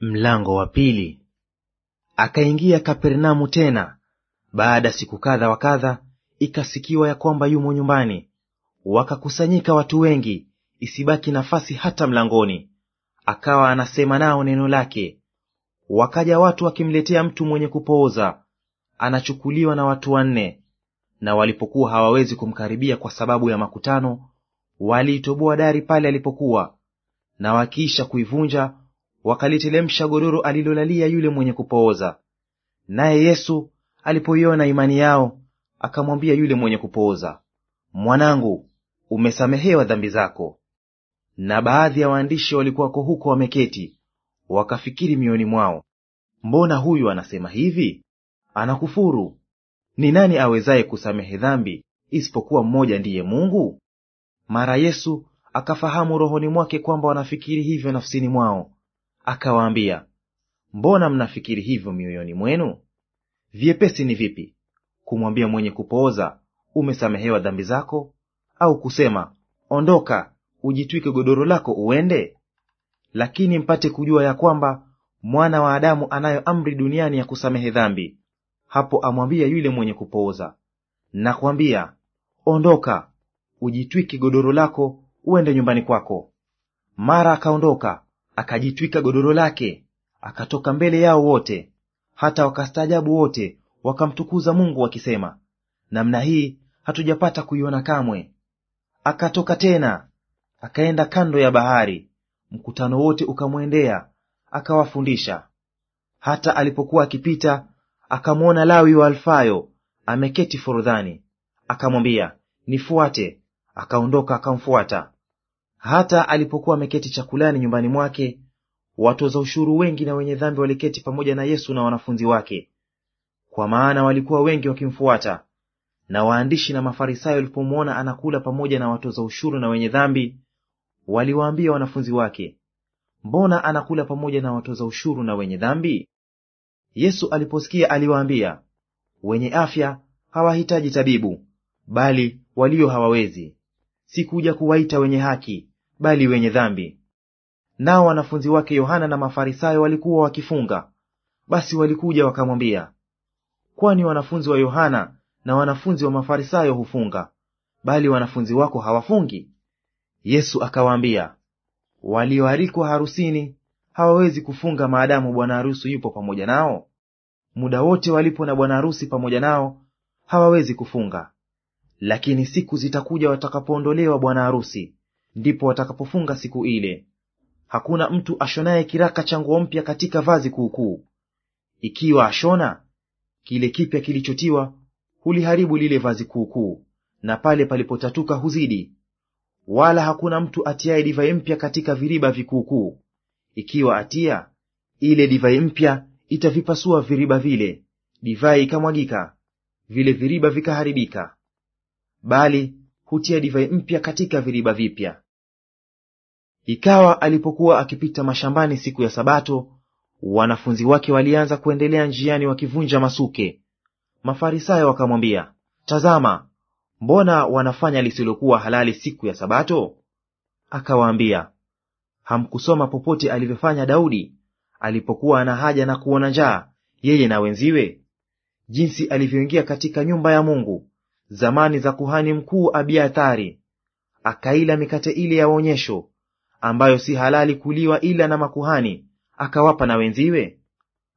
Mlango wa pili. Akaingia Kapernaumu tena baada siku kadha wa kadha, ikasikiwa ya kwamba yumo nyumbani. Wakakusanyika watu wengi, isibaki nafasi hata mlangoni. Akawa anasema nao neno lake. Wakaja watu wakimletea mtu mwenye kupooza, anachukuliwa na watu wanne. Na walipokuwa hawawezi kumkaribia kwa sababu ya makutano, waliitoboa dari pale alipokuwa, na wakiisha kuivunja wakalitelemsha godoro alilolalia yule mwenye kupooza. Naye Yesu alipoiona imani yao, akamwambia yule mwenye kupooza, mwanangu, umesamehewa dhambi zako. Na baadhi ya waandishi walikuwako huko wameketi, wakafikiri mioyoni mwao, mbona huyu anasema hivi? Anakufuru. Ni nani awezaye kusamehe dhambi isipokuwa mmoja ndiye Mungu? Mara Yesu akafahamu rohoni mwake kwamba wanafikiri hivyo nafsini mwao, akawaambia, mbona mnafikiri hivyo mioyoni mwenu? Vyepesi ni vipi kumwambia mwenye kupooza, umesamehewa dhambi zako, au kusema, ondoka, ujitwike godoro lako uende? Lakini mpate kujua ya kwamba mwana wa Adamu anayo amri duniani ya kusamehe dhambi. Hapo amwambia yule mwenye kupooza, nakwambia, ondoka, ujitwike godoro lako uende nyumbani kwako. Mara akaondoka akajitwika godoro lake, akatoka mbele yao wote, hata wakastaajabu wote, wakamtukuza Mungu wakisema, namna hii hatujapata kuiona kamwe. Akatoka tena akaenda kando ya bahari, mkutano wote ukamwendea, akawafundisha. Hata alipokuwa akipita, akamwona Lawi wa Alfayo ameketi forodhani, akamwambia, Nifuate. Akaondoka akamfuata. Hata alipokuwa ameketi chakulani nyumbani mwake, watoza ushuru wengi na wenye dhambi waliketi pamoja na Yesu na wanafunzi wake, kwa maana walikuwa wengi wakimfuata. Na waandishi na Mafarisayo walipomwona anakula pamoja na watoza ushuru na wenye dhambi, waliwaambia wanafunzi wake, mbona anakula pamoja na watoza ushuru na wenye dhambi? Yesu aliposikia aliwaambia, wenye afya hawahitaji tabibu, bali walio hawawezi. Sikuja kuwaita wenye haki, bali wenye dhambi. Nao wanafunzi wake Yohana na Mafarisayo walikuwa wakifunga. Basi walikuja wakamwambia, kwani wanafunzi wa Yohana na wanafunzi wa Mafarisayo hufunga, bali wanafunzi wako hawafungi? Yesu akawaambia, walioalikwa harusini hawawezi kufunga maadamu bwana harusi yupo pamoja nao. Muda wote walipo na bwana harusi pamoja nao hawawezi kufunga, lakini siku zitakuja watakapoondolewa bwana harusi, ndipo watakapofunga siku ile. Hakuna mtu ashonaye kiraka cha nguo mpya katika vazi kuukuu; ikiwa ashona, kile kipya kilichotiwa huliharibu lile vazi kuukuu, na pale palipotatuka huzidi. Wala hakuna mtu atiaye divai mpya katika viriba vikuukuu; ikiwa atia, ile divai mpya itavipasua viriba vile, divai ikamwagika, vile viriba vikaharibika; bali hutia divai mpya katika viriba vipya. Ikawa alipokuwa akipita mashambani siku ya Sabato, wanafunzi wake walianza kuendelea njiani wakivunja masuke. Mafarisayo wakamwambia, Tazama, mbona wanafanya lisilokuwa halali siku ya Sabato? Akawaambia, hamkusoma popote alivyofanya Daudi alipokuwa ana haja na kuona njaa, yeye na wenziwe, jinsi alivyoingia katika nyumba ya Mungu zamani za kuhani mkuu Abiathari, akaila mikate ile ya waonyesho ambayo si halali kuliwa ila na makuhani, akawapa na wenziwe?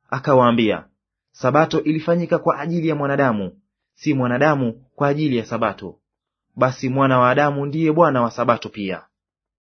Akawaambia, sabato ilifanyika kwa ajili ya mwanadamu, si mwanadamu kwa ajili ya sabato. Basi mwana wa Adamu ndiye Bwana wa sabato pia.